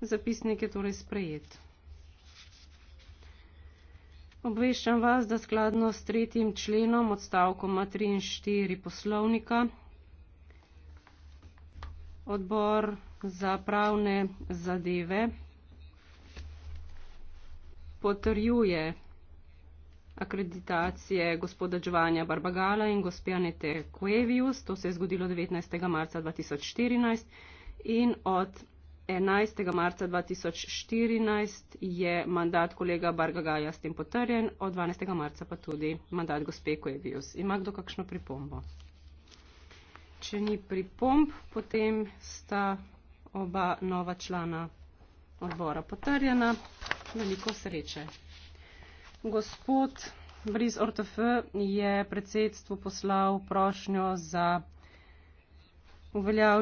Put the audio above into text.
Zapisnik je torej sprejet. Obveščam vas, da skladno s tretjim členom odstavkoma 3 in 4 poslovnika odbor za pravne zadeve potrjuje akreditacije gospoda Đovanja Barbagala in gospe Anete Kuevius, to se je zgodilo 19. marca 2014 in od 11. marca 2014 je mandat kolega Bargagaja s tem potrjen, od 12. marca pa tudi mandat gospe Kojevius. Ima kdo kakšno pripombo? Če ni pripomb, potem sta oba nova člana odbora potrjena. Veliko sreče. Gospod Briz Ortof je predsedstvu poslal prošnjo za uveljavljanje.